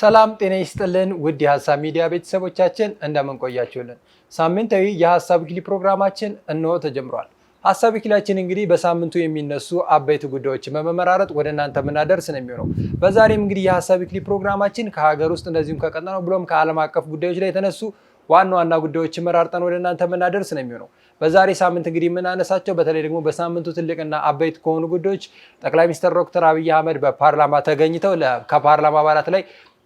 ሰላም ጤና ይስጥልን ውድ የሀሳብ ሚዲያ ቤተሰቦቻችን እንደምን ቆያችሁልን? ሳምንታዊ የሀሳብ ክሊ ፕሮግራማችን እንሆ ተጀምሯል። ሀሳብ ዊክሊያችን እንግዲህ በሳምንቱ የሚነሱ አበይት ጉዳዮችን በመመራረጥ ወደ እናንተ የምናደርስ ነው የሚሆነው። በዛሬም እንግዲህ የሀሳብ ክሊ ፕሮግራማችን ከሀገር ውስጥ እንደዚሁም ከቀጠናው ብሎም ከዓለም አቀፍ ጉዳዮች ላይ የተነሱ ዋና ዋና ጉዳዮችን መራርጠን ወደ እናንተ የምናደርስ ነው የሚሆነው። በዛሬ ሳምንት እንግዲህ የምናነሳቸው በተለይ ደግሞ በሳምንቱ ትልቅና አበይት ከሆኑ ጉዳዮች ጠቅላይ ሚኒስትር ዶክተር አብይ አህመድ በፓርላማ ተገኝተው ከፓርላማ አባላት ላይ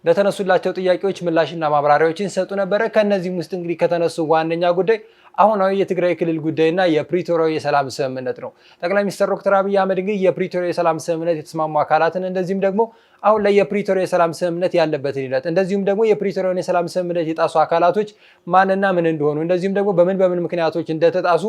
ለተነሱላቸው ጥያቄዎች ምላሽና ማብራሪያዎችን ሰጡ ነበረ። ከእነዚህም ውስጥ እንግዲህ ከተነሱ ዋነኛ ጉዳይ አሁናዊ የትግራይ ክልል ጉዳይና የፕሪቶሪያው የሰላም ስምምነት ነው። ጠቅላይ ሚኒስትር ዶክተር አብይ አህመድ እንግዲህ የፕሪቶሪያ የሰላም ስምምነት የተስማሙ አካላትን እንደዚሁም ደግሞ አሁን ላይ የፕሪቶሪያ የሰላም ስምምነት ያለበትን ሂደት እንደዚሁም ደግሞ የፕሪቶሪያን የሰላም ስምምነት የጣሱ አካላቶች ማንና ምን እንደሆኑ እንደዚሁም ደግሞ በምን በምን ምክንያቶች እንደተጣሱ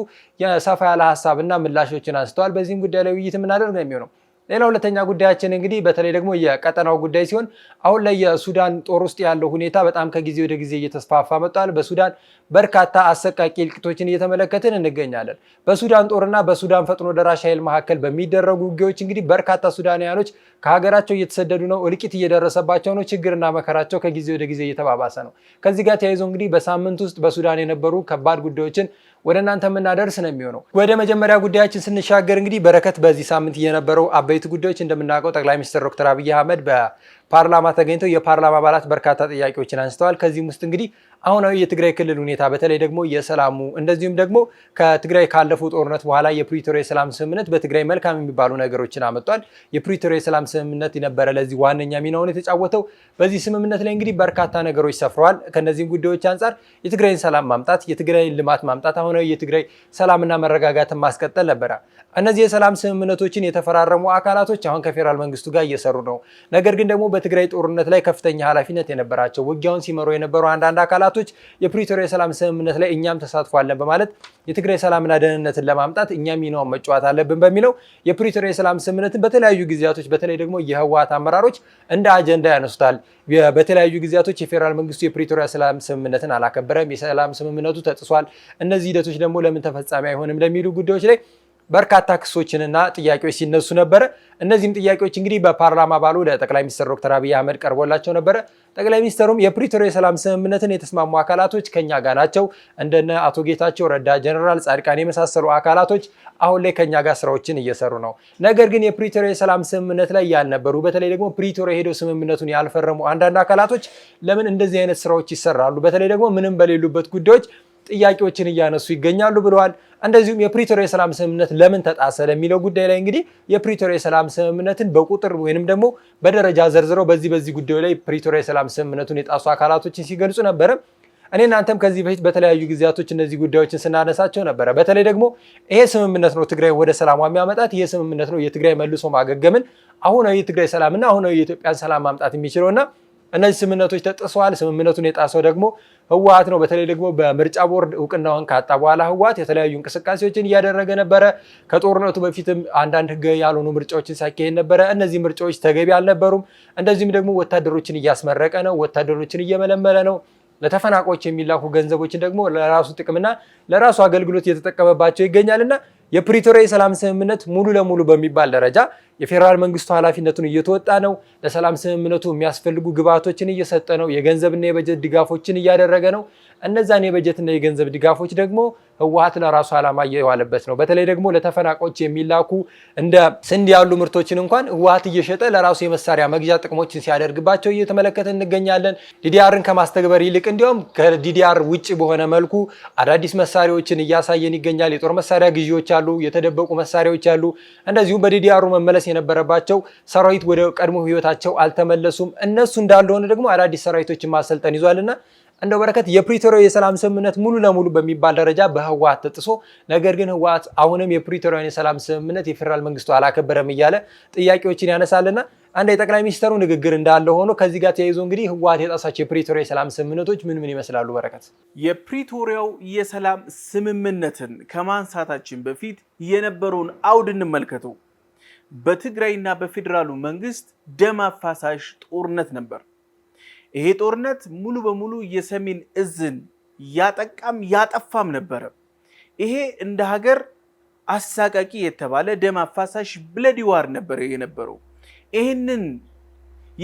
ሰፋ ያለ ሀሳብና ምላሾችን አንስተዋል። በዚህም ጉዳይ ላይ ውይይት የምናደርግ ነው የሚሆነው። ሌላ ሁለተኛ ጉዳያችን እንግዲህ በተለይ ደግሞ የቀጠናው ጉዳይ ሲሆን አሁን ላይ የሱዳን ጦር ውስጥ ያለው ሁኔታ በጣም ከጊዜ ወደ ጊዜ እየተስፋፋ መጥቷል። በሱዳን በርካታ አሰቃቂ እልቂቶችን እየተመለከትን እንገኛለን። በሱዳን ጦርና በሱዳን ፈጥኖ ደራሽ ኃይል መካከል በሚደረጉ ውጊያዎች እንግዲህ በርካታ ሱዳናውያኖች ከሀገራቸው እየተሰደዱ ነው፣ እልቂት እየደረሰባቸው ነው። ችግርና መከራቸው ከጊዜ ወደ ጊዜ እየተባባሰ ነው። ከዚህ ጋር ተያይዞ እንግዲህ በሳምንት ውስጥ በሱዳን የነበሩ ከባድ ጉዳዮችን ወደ እናንተ የምናደርስ ነው የሚሆነው። ወደ መጀመሪያ ጉዳያችን ስንሻገር እንግዲህ በረከት በዚህ ሳምንት የነበረው አበይት ጉዳዮች እንደምናውቀው ጠቅላይ ሚኒስትር ዶክተር አብይ አህመድ ፓርላማ ተገኝተው የፓርላማ አባላት በርካታ ጥያቄዎችን አንስተዋል። ከዚህም ውስጥ እንግዲህ አሁናዊ የትግራይ ክልል ሁኔታ በተለይ ደግሞ የሰላሙ እንደዚሁም ደግሞ ከትግራይ ካለፈው ጦርነት በኋላ የፕሪቶሪያ የሰላም ስምምነት በትግራይ መልካም የሚባሉ ነገሮችን አመጧል። የፕሪቶሪያ የሰላም ስምምነት ነበረ ለዚህ ዋነኛ ሚናውን የተጫወተው። በዚህ ስምምነት ላይ እንግዲህ በርካታ ነገሮች ሰፍረዋል። ከእነዚህም ጉዳዮች አንጻር የትግራይን ሰላም ማምጣት፣ የትግራይን ልማት ማምጣት፣ አሁናዊ የትግራይ ሰላምና መረጋጋትን ማስቀጠል ነበረ። እነዚህ የሰላም ስምምነቶችን የተፈራረሙ አካላቶች አሁን ከፌዴራል መንግስቱ ጋር እየሰሩ ነው። ነገር ግን ደግሞ በትግራይ ጦርነት ላይ ከፍተኛ ኃላፊነት የነበራቸው ውጊያውን ሲመሩ የነበሩ አንዳንድ አካላቶች የፕሪቶሪያ የሰላም ስምምነት ላይ እኛም ተሳትፏለን በማለት የትግራይ ሰላምና ደህንነትን ለማምጣት እኛም ሚናውን መጫወት አለብን በሚለው የፕሪቶሪያ የሰላም ስምምነትን በተለያዩ ጊዜያቶች በተለይ ደግሞ የህወሀት አመራሮች እንደ አጀንዳ ያነሱታል። በተለያዩ ጊዜያቶች የፌዴራል መንግስቱ የፕሪቶሪያ ሰላም ስምምነትን አላከበረም፣ የሰላም ስምምነቱ ተጥሷል፣ እነዚህ ሂደቶች ደግሞ ለምን ተፈጻሚ አይሆንም ለሚሉ ጉዳዮች ላይ በርካታ ክሶችንና ጥያቄዎች ሲነሱ ነበረ። እነዚህም ጥያቄዎች እንግዲህ በፓርላማ ባሉ ለጠቅላይ ሚኒስትር ዶክተር አብይ አህመድ ቀርቦላቸው ነበረ። ጠቅላይ ሚኒስትሩም የፕሪቶሪያ የሰላም ስምምነትን የተስማሙ አካላቶች ከኛ ጋር ናቸው፣ እንደነ አቶ ጌታቸው ረዳ፣ ጀነራል ጻድቃን የመሳሰሉ አካላቶች አሁን ላይ ከኛ ጋር ስራዎችን እየሰሩ ነው። ነገር ግን የፕሪቶሪያ የሰላም ስምምነት ላይ ያልነበሩ በተለይ ደግሞ ፕሪቶሪያ ሄደው ስምምነቱን ያልፈረሙ አንዳንድ አካላቶች ለምን እንደዚህ አይነት ስራዎች ይሰራሉ፣ በተለይ ደግሞ ምንም በሌሉበት ጉዳዮች ጥያቄዎችን እያነሱ ይገኛሉ ብለዋል። እንደዚሁም የፕሪቶሪያ የሰላም ስምምነት ለምን ተጣሰ ለሚለው ጉዳይ ላይ እንግዲህ የፕሪቶሪያ የሰላም ስምምነትን በቁጥር ወይንም ደግሞ በደረጃ ዘርዝረው በዚህ በዚህ ጉዳዩ ላይ ፕሪቶሪያ የሰላም ስምምነቱን የጣሱ አካላቶችን ሲገልጹ ነበረ። እኔ እናንተም ከዚህ በፊት በተለያዩ ጊዜያቶች እነዚህ ጉዳዮችን ስናነሳቸው ነበረ። በተለይ ደግሞ ይሄ ስምምነት ነው ትግራይ ወደ ሰላሟ የሚያመጣት፣ ይሄ ስምምነት ነው የትግራይ መልሶ ማገገምን፣ አሁናዊ የትግራይ ሰላምና አሁናዊ የኢትዮጵያን ሰላም ማምጣት የሚችለውና እነዚህ ስምምነቶች ተጥሰዋል። ስምምነቱን የጣሰው ደግሞ ህወሀት ነው። በተለይ ደግሞ በምርጫ ቦርድ እውቅናውን ካጣ በኋላ ህወሀት የተለያዩ እንቅስቃሴዎችን እያደረገ ነበረ። ከጦርነቱ በፊትም አንዳንድ ህገ ያልሆኑ ምርጫዎችን ሲያካሄድ ነበረ። እነዚህ ምርጫዎች ተገቢ አልነበሩም። እንደዚሁም ደግሞ ወታደሮችን እያስመረቀ ነው። ወታደሮችን እየመለመለ ነው። ለተፈናቃዮች የሚላኩ ገንዘቦችን ደግሞ ለራሱ ጥቅምና ለራሱ አገልግሎት እየተጠቀመባቸው ይገኛልና የፕሪቶሪያ የሰላም ስምምነት ሙሉ ለሙሉ በሚባል ደረጃ የፌዴራል መንግስቱ ኃላፊነቱን እየተወጣ ነው። ለሰላም ስምምነቱ የሚያስፈልጉ ግብዓቶችን እየሰጠ ነው። የገንዘብና የበጀት ድጋፎችን እያደረገ ነው። እነዛን የበጀትና የገንዘብ ድጋፎች ደግሞ ህወሀት ለራሱ ዓላማ እየዋለበት ነው። በተለይ ደግሞ ለተፈናቃዮች የሚላኩ እንደ ስንዴ ያሉ ምርቶችን እንኳን ህወሀት እየሸጠ ለራሱ የመሳሪያ መግዣ ጥቅሞችን ሲያደርግባቸው እየተመለከተ እንገኛለን። ዲዲአርን ከማስተግበር ይልቅ እንዲያውም ከዲዲአር ውጭ በሆነ መልኩ አዳዲስ መሳሪያዎችን እያሳየን ይገኛል። የጦር መሳሪያ ግዢዎች አሉ፣ የተደበቁ መሳሪያዎች አሉ። እንደዚሁም በዲዲአሩ መመለስ የነበረባቸው ሰራዊት ወደ ቀድሞ ህይወታቸው አልተመለሱም። እነሱ እንዳልሆነ ደግሞ አዳዲስ ሰራዊቶችን ማሰልጠን ይዟልና እንደ በረከት የፕሪቶሪያ የሰላም ስምምነት ሙሉ ለሙሉ በሚባል ደረጃ በህወሓት ተጥሶ፣ ነገር ግን ህዋት አሁንም የፕሪቶሪያን የሰላም ስምምነት የፌዴራል መንግስቱ አላከበረም እያለ ጥያቄዎችን ያነሳልና አንድ የጠቅላይ ሚኒስትሩ ንግግር እንዳለ ሆኖ ከዚህ ጋር ተያይዞ እንግዲህ ህዋት የጣሳቸው የፕሪቶሪያ የሰላም ስምምነቶች ምን ምን ይመስላሉ? በረከት የፕሪቶሪያው የሰላም ስምምነትን ከማንሳታችን በፊት የነበረውን አውድ እንመልከተው። በትግራይና በፌዴራሉ መንግስት ደም አፋሳሽ ጦርነት ነበር። ይሄ ጦርነት ሙሉ በሙሉ የሰሜን እዝን ያጠቃም ያጠፋም ነበረ። ይሄ እንደ ሀገር አሳቃቂ የተባለ ደም አፋሳሽ ብለዲ ዋር ነበረ የነበረው። ይህንን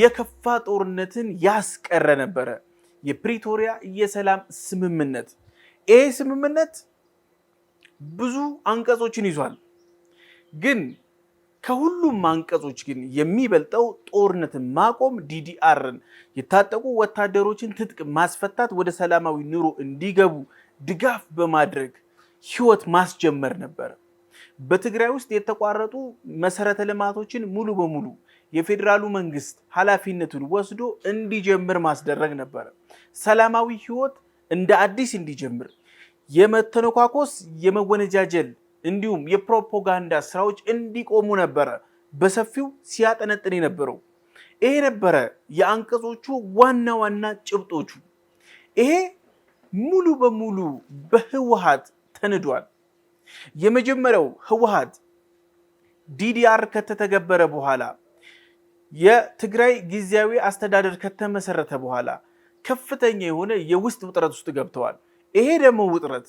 የከፋ ጦርነትን ያስቀረ ነበረ የፕሪቶሪያ የሰላም ስምምነት። ይሄ ስምምነት ብዙ አንቀጾችን ይዟል ግን ከሁሉም አንቀጾች ግን የሚበልጠው ጦርነትን ማቆም፣ ዲዲአርን፣ የታጠቁ ወታደሮችን ትጥቅ ማስፈታት፣ ወደ ሰላማዊ ኑሮ እንዲገቡ ድጋፍ በማድረግ ህይወት ማስጀመር ነበር። በትግራይ ውስጥ የተቋረጡ መሰረተ ልማቶችን ሙሉ በሙሉ የፌዴራሉ መንግስት ኃላፊነቱን ወስዶ እንዲጀምር ማስደረግ ነበረ። ሰላማዊ ህይወት እንደ አዲስ እንዲጀምር የመተነኳኮስ የመወነጃጀል እንዲሁም የፕሮፓጋንዳ ስራዎች እንዲቆሙ ነበረ በሰፊው ሲያጠነጥን የነበረው። ይሄ ነበረ የአንቀጾቹ ዋና ዋና ጭብጦቹ። ይሄ ሙሉ በሙሉ በህወሓት ተንዷል። የመጀመሪያው ህወሓት ዲዲአር ከተተገበረ በኋላ የትግራይ ጊዜያዊ አስተዳደር ከተመሰረተ በኋላ ከፍተኛ የሆነ የውስጥ ውጥረት ውስጥ ገብተዋል። ይሄ ደግሞ ውጥረት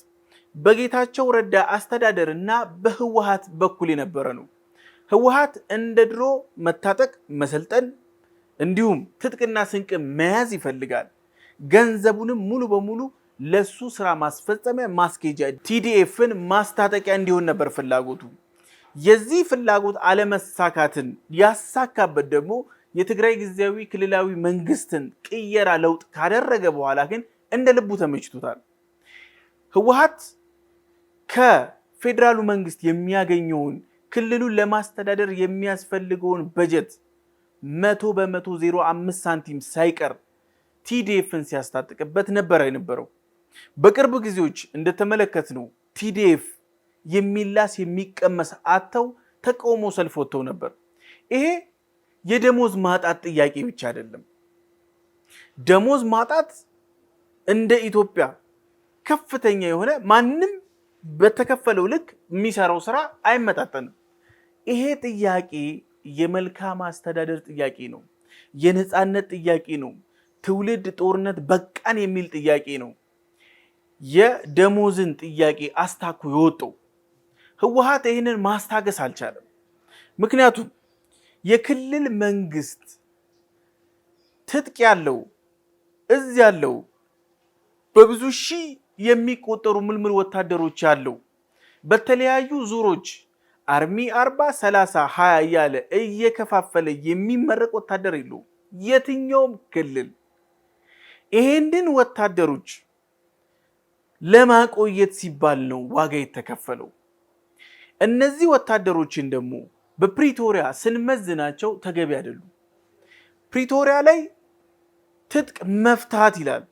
በጌታቸው ረዳ አስተዳደር እና በኩል የነበረ ነው። ህወሀት እንደ ድሮ መታጠቅ፣ መሰልጠን እንዲሁም ትጥቅና ስንቅ መያዝ ይፈልጋል። ገንዘቡንም ሙሉ በሙሉ ለሱ ስራ ማስፈጸሚያ ማስኬጃ ቲዲኤፍን ማስታጠቂያ እንዲሆን ነበር ፍላጎቱ። የዚህ ፍላጎት አለመሳካትን ያሳካበት ደግሞ የትግራይ ጊዜያዊ ክልላዊ መንግስትን ቅየራ ለውጥ ካደረገ በኋላ ግን እንደ ልቡ ተመችቶታል ህወሀት ከፌዴራሉ መንግስት የሚያገኘውን ክልሉን ለማስተዳደር የሚያስፈልገውን በጀት መቶ በመቶ ዜሮ አምስት ሳንቲም ሳይቀር ቲዲኤፍን ሲያስታጥቅበት ነበር የነበረው። በቅርብ ጊዜዎች እንደተመለከትነው ቲዲኤፍ የሚላስ የሚቀመስ አተው ተቃውሞ ሰልፍ ወጥተው ነበር። ይሄ የደሞዝ ማጣት ጥያቄ ብቻ አይደለም። ደሞዝ ማጣት እንደ ኢትዮጵያ ከፍተኛ የሆነ ማንም በተከፈለው ልክ የሚሰራው ስራ አይመጣጠንም። ይሄ ጥያቄ የመልካም አስተዳደር ጥያቄ ነው። የነፃነት ጥያቄ ነው። ትውልድ ጦርነት በቃን የሚል ጥያቄ ነው። የደሞዝን ጥያቄ አስታኩ የወጣው ህወሓት ይህንን ማስታገስ አልቻለም። ምክንያቱም የክልል መንግስት ትጥቅ ያለው እዝ ያለው በብዙ ሺህ የሚቆጠሩ ምልምል ወታደሮች አለው በተለያዩ ዙሮች አርሚ አርባ ሰላሳ ሀያ እያለ እየከፋፈለ የሚመረቅ ወታደር የለው። የትኛውም ክልል። ይሄንን ወታደሮች ለማቆየት ሲባል ነው ዋጋ የተከፈለው። እነዚህ ወታደሮችን ደግሞ በፕሪቶሪያ ስንመዝናቸው ተገቢ አይደሉም። ፕሪቶሪያ ላይ ትጥቅ መፍታት ይላል።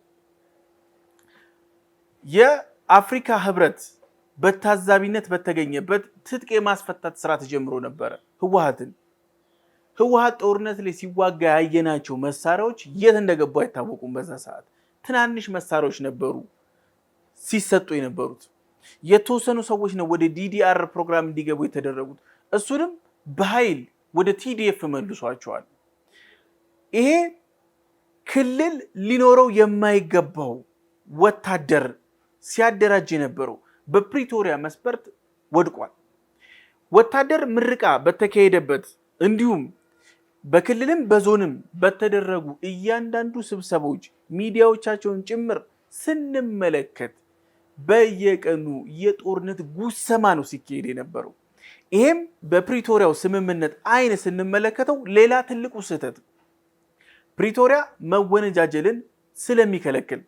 የአፍሪካ ህብረት በታዛቢነት በተገኘበት ትጥቅ የማስፈታት ስራ ተጀምሮ ነበረ። ህወሀትን ህወሀት ጦርነት ላይ ሲዋጋ ያየናቸው መሳሪያዎች የት እንደገቡ አይታወቁም። በዛ ሰዓት ትናንሽ መሳሪያዎች ነበሩ ሲሰጡ የነበሩት። የተወሰኑ ሰዎች ነው ወደ ዲዲአር ፕሮግራም እንዲገቡ የተደረጉት። እሱንም በኃይል ወደ ቲዲኤፍ መልሷቸዋል። ይሄ ክልል ሊኖረው የማይገባው ወታደር ሲያደራጅ የነበረው በፕሪቶሪያ መስፈርት ወድቋል። ወታደር ምርቃ በተካሄደበት እንዲሁም በክልልም በዞንም በተደረጉ እያንዳንዱ ስብሰባዎች ሚዲያዎቻቸውን ጭምር ስንመለከት በየቀኑ የጦርነት ጉሰማ ነው ሲካሄድ የነበረው። ይሄም በፕሪቶሪያው ስምምነት አይን ስንመለከተው ሌላ ትልቁ ስህተት ፕሪቶሪያ መወነጃጀልን ስለሚከለክል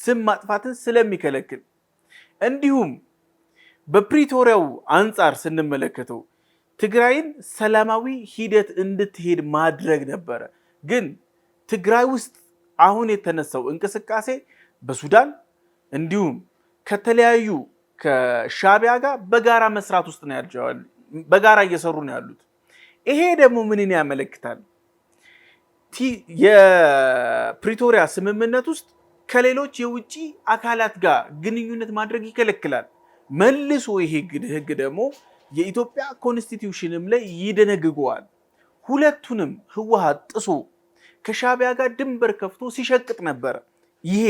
ስም ማጥፋትን ስለሚከለክል እንዲሁም በፕሪቶሪያው አንጻር ስንመለከተው ትግራይን ሰላማዊ ሂደት እንድትሄድ ማድረግ ነበረ። ግን ትግራይ ውስጥ አሁን የተነሳው እንቅስቃሴ በሱዳን እንዲሁም ከተለያዩ ከሻቢያ ጋር በጋራ መስራት ውስጥ ነው ያልጀዋል። በጋራ እየሰሩ ነው ያሉት። ይሄ ደግሞ ምንን ያመለክታል? የፕሪቶሪያ ስምምነት ውስጥ ከሌሎች የውጭ አካላት ጋር ግንኙነት ማድረግ ይከለክላል። መልሶ ይሄ ህግ ደግሞ የኢትዮጵያ ኮንስቲትዩሽንም ላይ ይደነግገዋል። ሁለቱንም ህወሓት ጥሶ ከሻቢያ ጋር ድንበር ከፍቶ ሲሸቅጥ ነበረ። ይሄ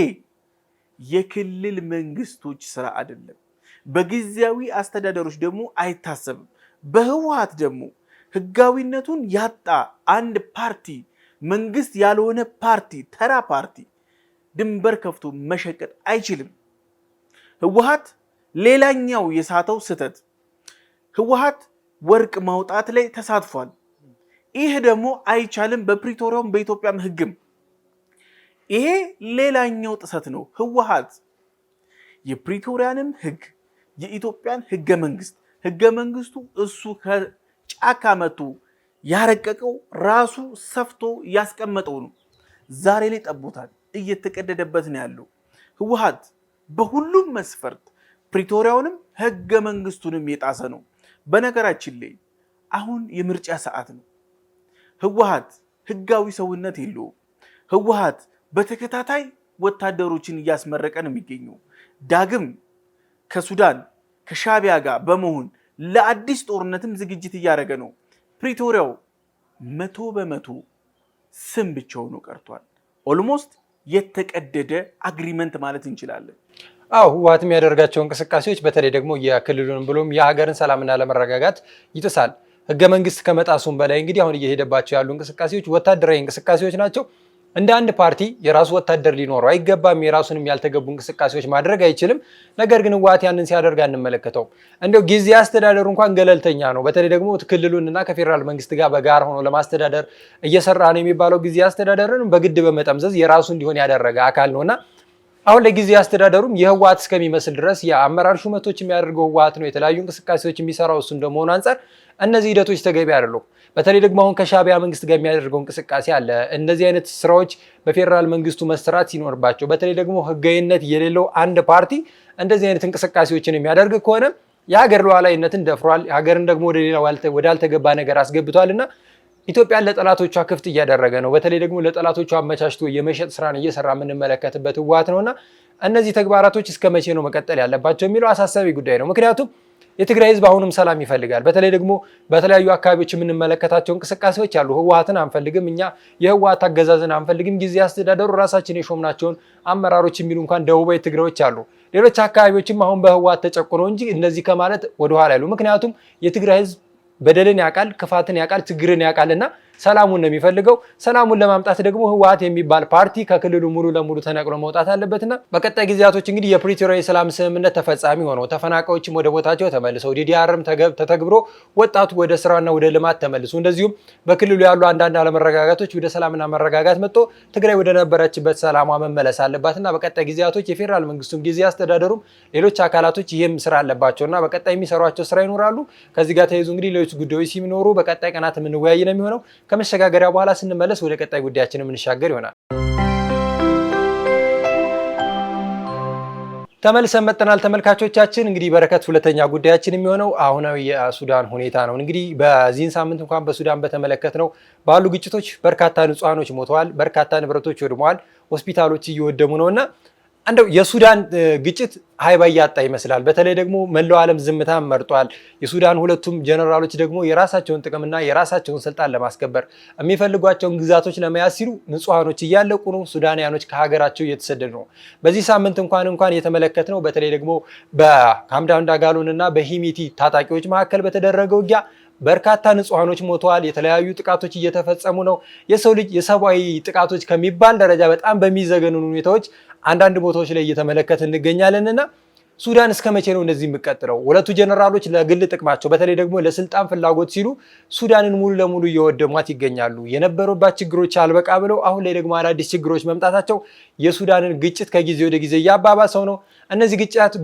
የክልል መንግስቶች ስራ አይደለም። በጊዜያዊ አስተዳደሮች ደግሞ አይታሰብም። በህወሓት ደግሞ ህጋዊነቱን ያጣ አንድ ፓርቲ መንግስት ያልሆነ ፓርቲ ተራ ፓርቲ ድንበር ከፍቶ መሸቀጥ አይችልም። ህወሓት ሌላኛው የሳተው ስህተት ህወሓት ወርቅ ማውጣት ላይ ተሳትፏል። ይህ ደግሞ አይቻልም፣ በፕሪቶሪያም በኢትዮጵያም ህግም ይሄ ሌላኛው ጥሰት ነው። ህወሓት የፕሪቶሪያንም ህግ የኢትዮጵያን ህገ መንግስት ህገ መንግስቱ እሱ ከጫካ መቱ ያረቀቀው ራሱ ሰፍቶ ያስቀመጠው ነው። ዛሬ ላይ ጠቦታል። እየተቀደደበት ነው ያለው። ህወሓት በሁሉም መስፈርት ፕሪቶሪያውንም ህገ መንግስቱንም የጣሰ ነው። በነገራችን ላይ አሁን የምርጫ ሰዓት ነው። ህወሓት ህጋዊ ሰውነት የለውም። ህወሓት በተከታታይ ወታደሮችን እያስመረቀ ነው የሚገኘው። ዳግም ከሱዳን ከሻቢያ ጋር በመሆን ለአዲስ ጦርነትም ዝግጅት እያደረገ ነው። ፕሪቶሪያው መቶ በመቶ ስም ብቻ ሆኖ ቀርቷል ኦልሞስት የተቀደደ አግሪመንት ማለት እንችላለን። አው ህወሓት የሚያደርጋቸው እንቅስቃሴዎች በተለይ ደግሞ የክልሉን ብሎም የሀገርን ሰላምና ለመረጋጋት ይጥሳል። ህገ መንግስት ከመጣሱም በላይ እንግዲህ አሁን እየሄደባቸው ያሉ እንቅስቃሴዎች ወታደራዊ እንቅስቃሴዎች ናቸው። እንደ አንድ ፓርቲ የራሱ ወታደር ሊኖረው አይገባም። የራሱንም ያልተገቡ እንቅስቃሴዎች ማድረግ አይችልም። ነገር ግን ህወሓት ያንን ሲያደርግ አንመለከተው። እንዲያው ጊዜ አስተዳደሩ እንኳን ገለልተኛ ነው። በተለይ ደግሞ ክልሉንና ከፌዴራል መንግስት ጋር በጋር ሆኖ ለማስተዳደር እየሰራ ነው የሚባለው ጊዜ አስተዳደርን በግድ በመጠምዘዝ የራሱ እንዲሆን ያደረገ አካል ነውና አሁን ለጊዜ አስተዳደሩም የህወሓት እስከሚመስል ድረስ የአመራር ሹመቶች የሚያደርገው ህወሓት ነው። የተለያዩ እንቅስቃሴዎች የሚሰራው እሱ እንደመሆኑ አንጻር እነዚህ ሂደቶች ተገቢ አይደሉም። በተለይ ደግሞ አሁን ከሻቢያ መንግስት ጋር የሚያደርገው እንቅስቃሴ አለ። እነዚህ አይነት ስራዎች በፌዴራል መንግስቱ መሰራት ሲኖርባቸው፣ በተለይ ደግሞ ህጋዊነት የሌለው አንድ ፓርቲ እንደዚህ አይነት እንቅስቃሴዎችን የሚያደርግ ከሆነ የሀገር ሉዓላዊነትን ደፍሯል። ሀገርን ደግሞ ወደ ሌላ ወዳልተገባ ነገር አስገብቷል እና ኢትዮጵያን ለጠላቶቿ ክፍት እያደረገ ነው። በተለይ ደግሞ ለጠላቶቿ አመቻችቶ የመሸጥ ስራን እየሰራ የምንመለከትበት ህወሓት እና እነዚህ ተግባራቶች እስከ መቼ ነው መቀጠል ያለባቸው የሚለው አሳሳቢ ጉዳይ ነው። ምክንያቱም የትግራይ ህዝብ አሁንም ሰላም ይፈልጋል። በተለይ ደግሞ በተለያዩ አካባቢዎች የምንመለከታቸው እንቅስቃሴዎች አሉ። ህወሀትን አንፈልግም፣ እኛ የህወሀት አገዛዝን አንፈልግም፣ ጊዜ አስተዳደሩ ራሳችን የሾምናቸውን አመራሮች የሚሉ እንኳን ደቡባዊ ትግሬዎች አሉ። ሌሎች አካባቢዎችም አሁን በህወሀት ተጨቁነው እንጂ እነዚህ ከማለት ወደኋላ ያሉ ምክንያቱም የትግራይ ህዝብ በደልን ያውቃል፣ ክፋትን ያውቃል፣ ችግርን ያውቃል እና ሰላሙን ነው የሚፈልገው። ሰላሙን ለማምጣት ደግሞ ህወሓት የሚባል ፓርቲ ከክልሉ ሙሉ ለሙሉ ተነቅሎ መውጣት አለበትና በቀጣይ ጊዜያቶች እንግዲህ የፕሪቶሪያ የሰላም ስምምነት ተፈጻሚ ሆነው ተፈናቃዮችም ወደ ቦታቸው ተመልሰው ዲዲአርም ተተግብሮ ወጣቱ ወደ ስራና ወደ ልማት ተመልሶ እንደዚሁም በክልሉ ያሉ አንዳንድ አለመረጋጋቶች ወደ ሰላምና መረጋጋት መጥቶ ትግራይ ወደ ነበረችበት ሰላሟ መመለስ አለባትና በቀጣይ ጊዜያቶች የፌዴራል መንግስቱም ጊዜ አስተዳደሩም ሌሎች አካላቶች ይህም ስራ አለባቸውና በቀጣይ የሚሰሯቸው ስራ ይኖራሉ። ከዚህ ጋር ተይዞ እንግዲህ ሌሎች ጉዳዮች ሲኖሩ በቀጣይ ቀናት የምንወያይ ነው የሚሆነው። ከመሸጋገሪያ በኋላ ስንመለስ ወደ ቀጣይ ጉዳያችን የምንሻገር ይሆናል። ተመልሰን መጠናል ተመልካቾቻችን። እንግዲህ በረከት ሁለተኛ ጉዳያችን የሚሆነው አሁናዊ የሱዳን ሁኔታ ነው። እንግዲህ በዚህን ሳምንት እንኳን በሱዳን በተመለከት ነው ባሉ ግጭቶች በርካታ ንጹሐኖች ሞተዋል፣ በርካታ ንብረቶች ወድመዋል፣ ሆስፒታሎች እየወደሙ ነው እና እንደው የሱዳን ግጭት ሀይባ እያጣ ይመስላል። በተለይ ደግሞ መላው ዓለም ዝምታ መርጧል። የሱዳን ሁለቱም ጀነራሎች ደግሞ የራሳቸውን ጥቅምና የራሳቸውን ስልጣን ለማስከበር የሚፈልጓቸውን ግዛቶች ለመያዝ ሲሉ ንጹሐኖች እያለቁ ነው። ሱዳንያኖች ከሀገራቸው እየተሰደዱ ነው። በዚህ ሳምንት እንኳን እንኳን ነው በተለይ ደግሞ በሐምዳን ዳጋሎን እና በሂሚቲ ታጣቂዎች መካከል በተደረገው ውጊያ በርካታ ንጹሐኖች ሞተዋል። የተለያዩ ጥቃቶች እየተፈጸሙ ነው። የሰው ልጅ የሰብአዊ ጥቃቶች ከሚባል ደረጃ በጣም በሚዘገኑ ሁኔታዎች አንዳንድ ቦታዎች ላይ እየተመለከት እንገኛለንና ሱዳን እስከ መቼ ነው እንደዚህ የሚቀጥለው? ሁለቱ ጀነራሎች ለግል ጥቅማቸው በተለይ ደግሞ ለስልጣን ፍላጎት ሲሉ ሱዳንን ሙሉ ለሙሉ እየወደሟት ይገኛሉ። የነበሩባት ችግሮች አልበቃ ብለው አሁን ላይ ደግሞ አዳዲስ ችግሮች መምጣታቸው የሱዳንን ግጭት ከጊዜ ወደ ጊዜ እያባባሰው ነው። እነዚህ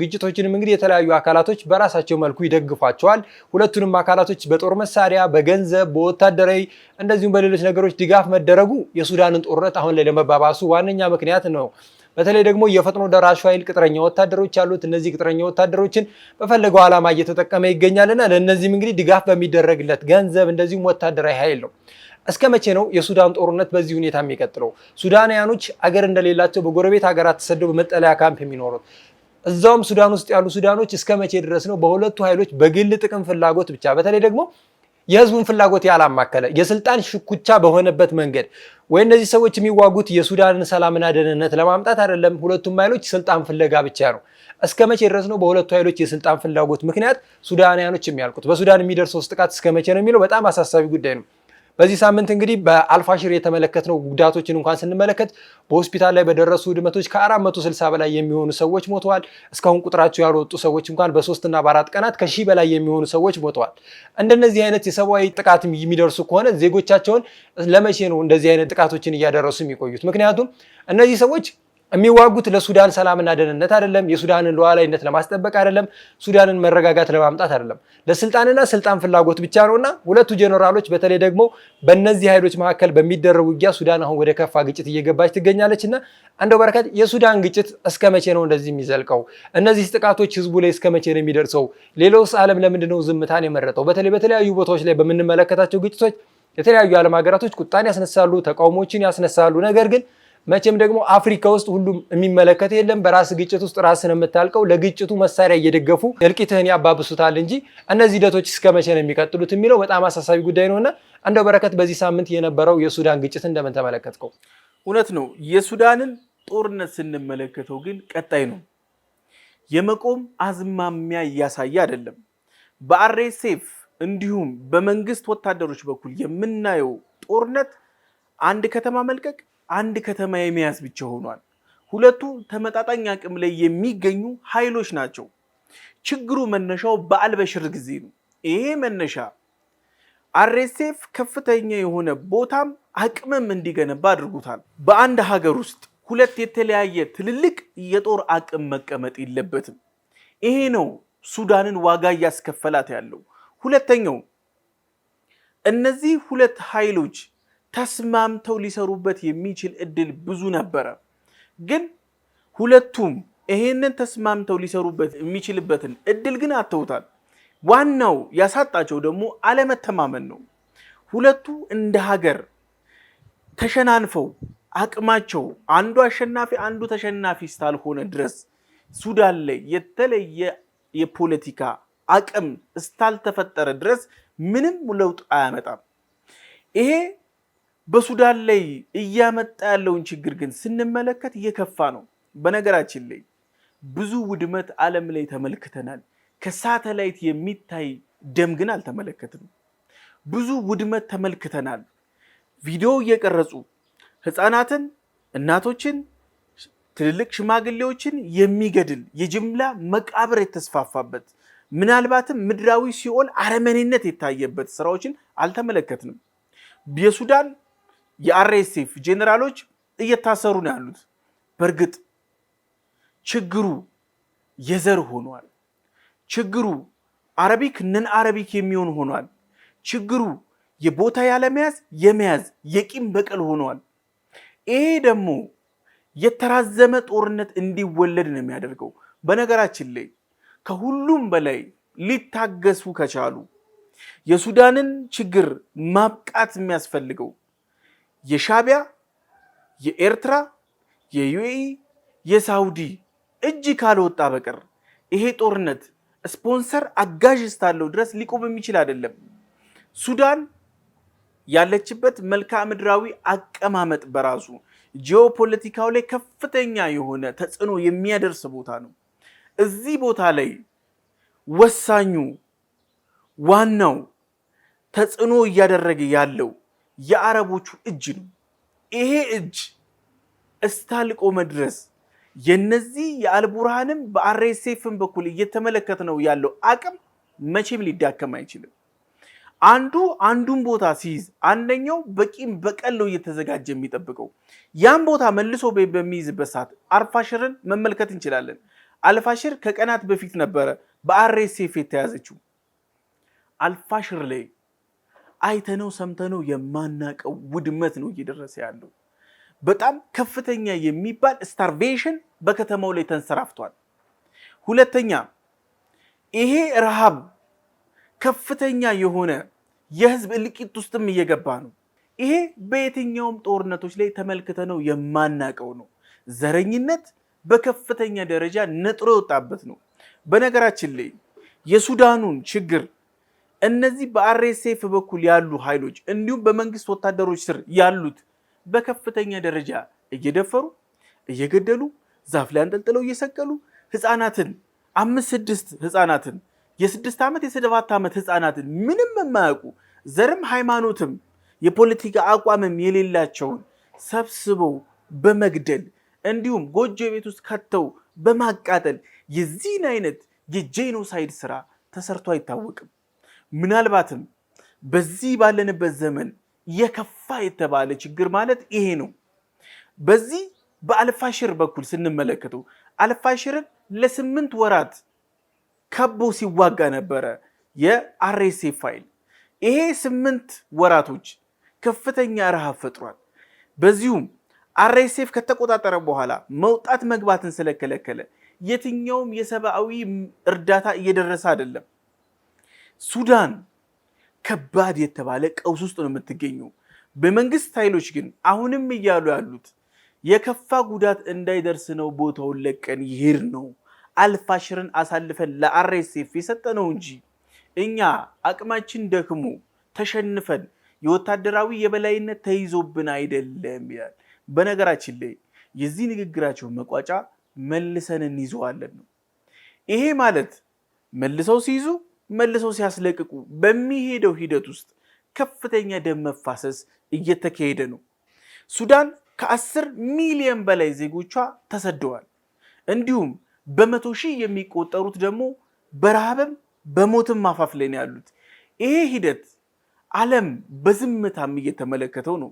ግጭቶችንም እንግዲህ የተለያዩ አካላቶች በራሳቸው መልኩ ይደግፏቸዋል። ሁለቱንም አካላቶች በጦር መሳሪያ፣ በገንዘብ፣ በወታደራዊ እንደዚሁም በሌሎች ነገሮች ድጋፍ መደረጉ የሱዳንን ጦርነት አሁን ላይ ለመባባሱ ዋነኛ ምክንያት ነው። በተለይ ደግሞ የፈጥኖ ደራሹ ኃይል ቅጥረኛ ወታደሮች ያሉት እነዚህ ቅጥረኛ ወታደሮችን በፈለገው ዓላማ እየተጠቀመ ይገኛልና ለእነዚህም እንግዲህ ድጋፍ በሚደረግለት ገንዘብ እንደዚሁም ወታደራዊ ኃይል ነው። እስከ መቼ ነው የሱዳን ጦርነት በዚህ ሁኔታ የሚቀጥለው? ሱዳናውያኖች አገር እንደሌላቸው በጎረቤት ሀገራት ተሰደው በመጠለያ ካምፕ የሚኖሩት እዛውም ሱዳን ውስጥ ያሉ ሱዳኖች እስከ መቼ ድረስ ነው በሁለቱ ኃይሎች በግል ጥቅም ፍላጎት ብቻ በተለይ ደግሞ የህዝቡን ፍላጎት ያላማከለ የስልጣን ሽኩቻ በሆነበት መንገድ ወይ እነዚህ ሰዎች የሚዋጉት የሱዳንን ሰላምና ደህንነት ለማምጣት አይደለም። ሁለቱም ኃይሎች ስልጣን ፍለጋ ብቻ ነው። እስከ መቼ ድረስ ነው በሁለቱ ኃይሎች የስልጣን ፍላጎት ምክንያት ሱዳናያኖች የሚያልቁት? በሱዳን የሚደርሰው ጥቃት እስከ መቼ ነው የሚለው በጣም አሳሳቢ ጉዳይ ነው። በዚህ ሳምንት እንግዲህ በአልፋሽር የተመለከትነው ጉዳቶችን እንኳን ስንመለከት በሆስፒታል ላይ በደረሱ ውድመቶች ከ460 በላይ የሚሆኑ ሰዎች ሞተዋል። እስካሁን ቁጥራቸው ያልወጡ ሰዎች እንኳን በሶስትና በአራት ቀናት ከሺህ በላይ የሚሆኑ ሰዎች ሞተዋል። እንደነዚህ አይነት የሰብአዊ ጥቃት የሚደርሱ ከሆነ ዜጎቻቸውን ለመቼ ነው እንደዚህ አይነት ጥቃቶችን እያደረሱ የሚቆዩት? ምክንያቱም እነዚህ ሰዎች የሚዋጉት ለሱዳን ሰላምና ደህንነት አይደለም። የሱዳንን ሉዓላዊነት ለማስጠበቅ አይደለም። ሱዳንን መረጋጋት ለማምጣት አይደለም። ለስልጣንና ስልጣን ፍላጎት ብቻ ነው እና ሁለቱ ጀነራሎች በተለይ ደግሞ በእነዚህ ኃይሎች መካከል በሚደረጉ ውጊያ ሱዳን አሁን ወደ ከፋ ግጭት እየገባች ትገኛለች እና አንደው በረከት የሱዳን ግጭት እስከ መቼ ነው እንደዚህ የሚዘልቀው? እነዚህ ጥቃቶች ህዝቡ ላይ እስከ መቼ ነው የሚደርሰው? ሌላውስ ዓለም ለምንድነው ነው ዝምታን የመረጠው? በተለይ በተለያዩ ቦታዎች ላይ በምንመለከታቸው ግጭቶች የተለያዩ ዓለም ሀገራቶች ቁጣን ያስነሳሉ፣ ተቃውሞችን ያስነሳሉ። ነገር ግን መቼም ደግሞ አፍሪካ ውስጥ ሁሉም የሚመለከት የለም። በራስ ግጭት ውስጥ ራስን የምታልቀው ለግጭቱ መሳሪያ እየደገፉ እልቂትህን ያባብሱታል እንጂ እነዚህ ሂደቶች እስከ መቼ ነው የሚቀጥሉት የሚለው በጣም አሳሳቢ ጉዳይ ነውእና እንደው በረከት፣ በዚህ ሳምንት የነበረው የሱዳን ግጭት እንደምን ተመለከትከው? እውነት ነው። የሱዳንን ጦርነት ስንመለከተው ግን ቀጣይ ነው የመቆም አዝማሚያ እያሳየ አይደለም። በአሬሴፍ እንዲሁም በመንግስት ወታደሮች በኩል የምናየው ጦርነት አንድ ከተማ መልቀቅ አንድ ከተማ የመያዝ ብቻ ሆኗል። ሁለቱ ተመጣጣኝ አቅም ላይ የሚገኙ ኃይሎች ናቸው። ችግሩ መነሻው በአልበሽር ጊዜ ነው። ይሄ መነሻ አርኤስኤፍ ከፍተኛ የሆነ ቦታም አቅምም እንዲገነባ አድርጎታል። በአንድ ሀገር ውስጥ ሁለት የተለያየ ትልልቅ የጦር አቅም መቀመጥ የለበትም። ይሄ ነው ሱዳንን ዋጋ እያስከፈላት ያለው። ሁለተኛው እነዚህ ሁለት ኃይሎች ተስማምተው ሊሰሩበት የሚችል እድል ብዙ ነበረ። ግን ሁለቱም ይሄንን ተስማምተው ሊሰሩበት የሚችልበትን እድል ግን አተውታል። ዋናው ያሳጣቸው ደግሞ አለመተማመን ነው። ሁለቱ እንደ ሀገር ተሸናንፈው አቅማቸው አንዱ አሸናፊ አንዱ ተሸናፊ እስካልሆነ ድረስ ሱዳን ላይ የተለየ የፖለቲካ አቅም እስካልተፈጠረ ድረስ ምንም ለውጥ አያመጣም ይሄ በሱዳን ላይ እያመጣ ያለውን ችግር ግን ስንመለከት እየከፋ ነው። በነገራችን ላይ ብዙ ውድመት ዓለም ላይ ተመልክተናል። ከሳተላይት የሚታይ ደም ግን አልተመለከትም። ብዙ ውድመት ተመልክተናል። ቪዲዮ እየቀረጹ ህፃናትን፣ እናቶችን፣ ትልልቅ ሽማግሌዎችን የሚገድል የጅምላ መቃብር የተስፋፋበት ምናልባትም ምድራዊ ሲኦል አረመኔነት የታየበት ስራዎችን አልተመለከትንም የሱዳን የአርኤስኤፍ ጄኔራሎች እየታሰሩ ነው ያሉት። በእርግጥ ችግሩ የዘር ሆኗል። ችግሩ አረቢክ ንን አረቢክ የሚሆን ሆኗል። ችግሩ የቦታ ያለመያዝ የመያዝ የቂም በቀል ሆኗል። ይሄ ደግሞ የተራዘመ ጦርነት እንዲወለድ ነው የሚያደርገው። በነገራችን ላይ ከሁሉም በላይ ሊታገሱ ከቻሉ የሱዳንን ችግር ማብቃት የሚያስፈልገው የሻቢያ የኤርትራ የዩኤኢ የሳውዲ እጅ ካልወጣ በቀር ይሄ ጦርነት ስፖንሰር አጋዥ እስካለው ድረስ ሊቆም የሚችል አይደለም። ሱዳን ያለችበት መልክዓ ምድራዊ አቀማመጥ በራሱ ጂኦፖለቲካው ላይ ከፍተኛ የሆነ ተጽዕኖ የሚያደርስ ቦታ ነው። እዚህ ቦታ ላይ ወሳኙ ዋናው ተጽዕኖ እያደረገ ያለው የአረቦቹ እጅ ነው። ይሄ እጅ እስታልቆ መድረስ የነዚህ የአልቡርሃንም በአሬሴፍን በኩል እየተመለከት ነው ያለው አቅም መቼም ሊዳከም አይችልም። አንዱ አንዱን ቦታ ሲይዝ አንደኛው በቂም በቀል ነው እየተዘጋጀ የሚጠብቀው። ያን ቦታ መልሶ በሚይዝበት ሰዓት አልፋሽርን መመልከት እንችላለን። አልፋሽር ከቀናት በፊት ነበረ በአሬሴፍ የተያዘችው። አልፋሽር ላይ አይተነው ሰምተነው የማናቀው ውድመት ነው እየደረሰ ያለው። በጣም ከፍተኛ የሚባል ስታርቬሽን በከተማው ላይ ተንሰራፍቷል። ሁለተኛ ይሄ ረሃብ ከፍተኛ የሆነ የህዝብ እልቂት ውስጥም እየገባ ነው። ይሄ በየትኛውም ጦርነቶች ላይ ተመልክተነው የማናቀው ነው። ዘረኝነት በከፍተኛ ደረጃ ነጥሮ የወጣበት ነው። በነገራችን ላይ የሱዳኑን ችግር እነዚህ በአርኤስኤፍ በኩል ያሉ ኃይሎች እንዲሁም በመንግስት ወታደሮች ስር ያሉት በከፍተኛ ደረጃ እየደፈሩ እየገደሉ ዛፍ ላይ አንጠልጥለው እየሰቀሉ ህፃናትን አምስት ስድስት ህፃናትን የስድስት ዓመት የሰባት ዓመት ህፃናትን ምንም የማያውቁ ዘርም ሃይማኖትም የፖለቲካ አቋምም የሌላቸውን ሰብስበው በመግደል እንዲሁም ጎጆ ቤት ውስጥ ከተው በማቃጠል የዚህን አይነት የጄኖሳይድ ስራ ተሰርቶ አይታወቅም። ምናልባትም በዚህ ባለንበት ዘመን የከፋ የተባለ ችግር ማለት ይሄ ነው። በዚህ በአልፋሽር በኩል ስንመለከተው አልፋሽርን ለስምንት ወራት ከቦ ሲዋጋ ነበረ የአሬሴ ፋይል። ይሄ ስምንት ወራቶች ከፍተኛ ረሃብ ፈጥሯል። በዚሁም አሬሴፍ ከተቆጣጠረ በኋላ መውጣት መግባትን ስለከለከለ የትኛውም የሰብአዊ እርዳታ እየደረሰ አይደለም። ሱዳን ከባድ የተባለ ቀውስ ውስጥ ነው የምትገኘው። በመንግስት ኃይሎች ግን አሁንም እያሉ ያሉት የከፋ ጉዳት እንዳይደርስ ነው ቦታውን ለቀን ይሄድ ነው አልፋሽርን አሳልፈን ለአርኤስኤፍ የሰጠ ነው እንጂ እኛ አቅማችን ደክሞ ተሸንፈን የወታደራዊ የበላይነት ተይዞብን አይደለም ይላል። በነገራችን ላይ የዚህ ንግግራቸው መቋጫ መልሰን እንይዘዋለን ነው። ይሄ ማለት መልሰው ሲይዙ መልሰው ሲያስለቅቁ በሚሄደው ሂደት ውስጥ ከፍተኛ ደም መፋሰስ እየተካሄደ ነው። ሱዳን ከአስር ሚሊዮን በላይ ዜጎቿ ተሰደዋል። እንዲሁም በመቶ ሺህ የሚቆጠሩት ደግሞ በረሃብም በሞትም አፋፍ ላይ ነው ያሉት። ይሄ ሂደት ዓለም በዝምታም እየተመለከተው ነው።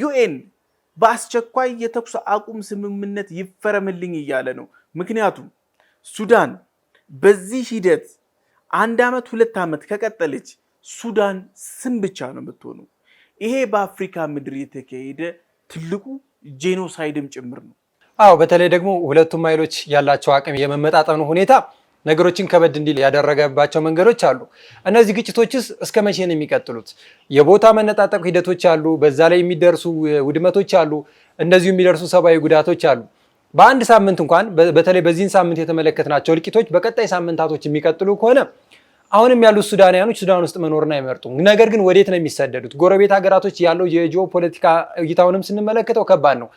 ዩኤን በአስቸኳይ የተኩስ አቁም ስምምነት ይፈረምልኝ እያለ ነው። ምክንያቱም ሱዳን በዚህ ሂደት አንድ ዓመት ሁለት ዓመት ከቀጠለች ሱዳን ስም ብቻ ነው የምትሆኑ። ይሄ በአፍሪካ ምድር የተካሄደ ትልቁ ጄኖሳይድም ጭምር ነው። አዎ፣ በተለይ ደግሞ ሁለቱም ኃይሎች ያላቸው አቅም የመመጣጠኑ ሁኔታ ነገሮችን ከበድ እንዲል ያደረገባቸው መንገዶች አሉ። እነዚህ ግጭቶችስ እስከ መቼ ነው የሚቀጥሉት? የቦታ መነጣጠቅ ሂደቶች አሉ፣ በዛ ላይ የሚደርሱ ውድመቶች አሉ፣ እንደዚሁ የሚደርሱ ሰብአዊ ጉዳቶች አሉ። በአንድ ሳምንት እንኳን በተለይ በዚህን ሳምንት የተመለከትናቸው እልቂቶች በቀጣይ ሳምንታቶች የሚቀጥሉ ከሆነ አሁንም ያሉት ሱዳናውያኖች ሱዳን ውስጥ መኖርን አይመርጡም። ነገር ግን ወዴት ነው የሚሰደዱት? ጎረቤት ሀገራቶች ያለው የጂኦ ፖለቲካ እይታውንም ስንመለከተው ከባድ ነው።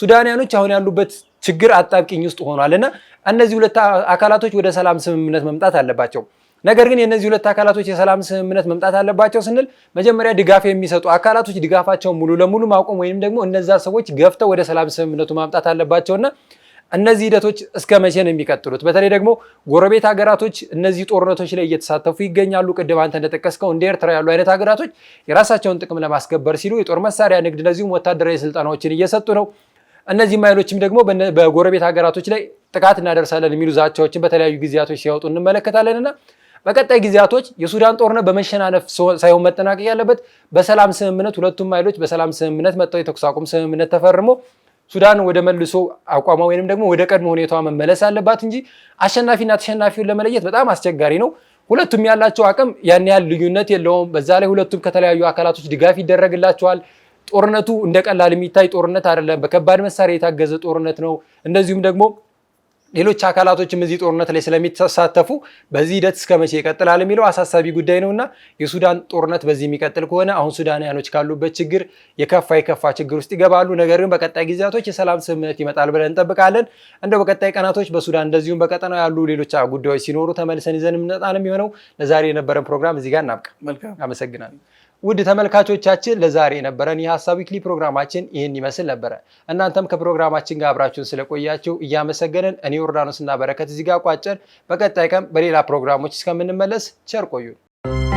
ሱዳንያኖች አሁን ያሉበት ችግር አጣብቂኝ ውስጥ ሆኗል እና እነዚህ ሁለት አካላቶች ወደ ሰላም ስምምነት መምጣት አለባቸው። ነገር ግን የእነዚህ ሁለት አካላቶች የሰላም ስምምነት መምጣት አለባቸው ስንል መጀመሪያ ድጋፍ የሚሰጡ አካላቶች ድጋፋቸውን ሙሉ ለሙሉ ማቆም ወይም ደግሞ እነዛ ሰዎች ገፍተው ወደ ሰላም ስምምነቱ ማምጣት አለባቸውና እነዚህ ሂደቶች እስከ መቼ ነው የሚቀጥሉት? በተለይ ደግሞ ጎረቤት ሀገራቶች እነዚህ ጦርነቶች ላይ እየተሳተፉ ይገኛሉ። ቅድም አንተ እንደጠቀስከው እንደ ኤርትራ ያሉ አይነት ሀገራቶች የራሳቸውን ጥቅም ለማስከበር ሲሉ የጦር መሳሪያ ንግድ፣ እንደዚሁም ወታደራዊ ስልጠናዎችን እየሰጡ ነው። እነዚህም ኃይሎችም ደግሞ በጎረቤት ሀገራቶች ላይ ጥቃት እናደርሳለን የሚሉ ዛቻዎችን በተለያዩ ጊዜያቶች ሲያወጡ እንመለከታለን እና በቀጣይ ጊዜያቶች የሱዳን ጦርነት በመሸናነፍ ሳይሆን መጠናቀቅ ያለበት በሰላም ስምምነት ሁለቱም ኃይሎች በሰላም ስምምነት መጥተው የተኩስ አቁም ስምምነት ተፈርሞ ሱዳን ወደ መልሶ አቋሟ ወይንም ደግሞ ወደ ቀድሞ ሁኔታዋ መመለስ አለባት እንጂ አሸናፊና ተሸናፊውን ለመለየት በጣም አስቸጋሪ ነው። ሁለቱም ያላቸው አቅም ያን ያህል ልዩነት የለውም። በዛ ላይ ሁለቱም ከተለያዩ አካላቶች ድጋፍ ይደረግላቸዋል። ጦርነቱ እንደ ቀላል የሚታይ ጦርነት አይደለም። በከባድ መሳሪያ የታገዘ ጦርነት ነው። እንደዚሁም ደግሞ ሌሎች አካላቶችም እዚህ ጦርነት ላይ ስለሚሳተፉ በዚህ ሂደት እስከ መቼ ይቀጥላል የሚለው አሳሳቢ ጉዳይ ነውና የሱዳን ጦርነት በዚህ የሚቀጥል ከሆነ አሁን ሱዳንያኖች ካሉበት ችግር የከፋ የከፋ ችግር ውስጥ ይገባሉ። ነገር ግን በቀጣይ ጊዜያቶች የሰላም ስምምነት ይመጣል ብለን እንጠብቃለን። እንደው በቀጣይ ቀናቶች በሱዳን እንደዚሁም በቀጠናው ያሉ ሌሎች ጉዳዮች ሲኖሩ ተመልሰን ይዘን የምንመጣ ነው የሚሆነው። ለዛሬ የነበረን ፕሮግራም እዚህ ጋር እናብቃ። አመሰግናለሁ። ውድ ተመልካቾቻችን ለዛሬ የነበረን የሀሳብ ዊክሊ ፕሮግራማችን ይህን ይመስል ነበረ። እናንተም ከፕሮግራማችን ጋር አብራችሁን ስለቆያችሁ እያመሰገንን እኔ ዮርዳኖስና በረከት እዚህ ጋር ቋጨን። በቀጣይ ቀን በሌላ ፕሮግራሞች እስከምንመለስ ቸር ቆዩን።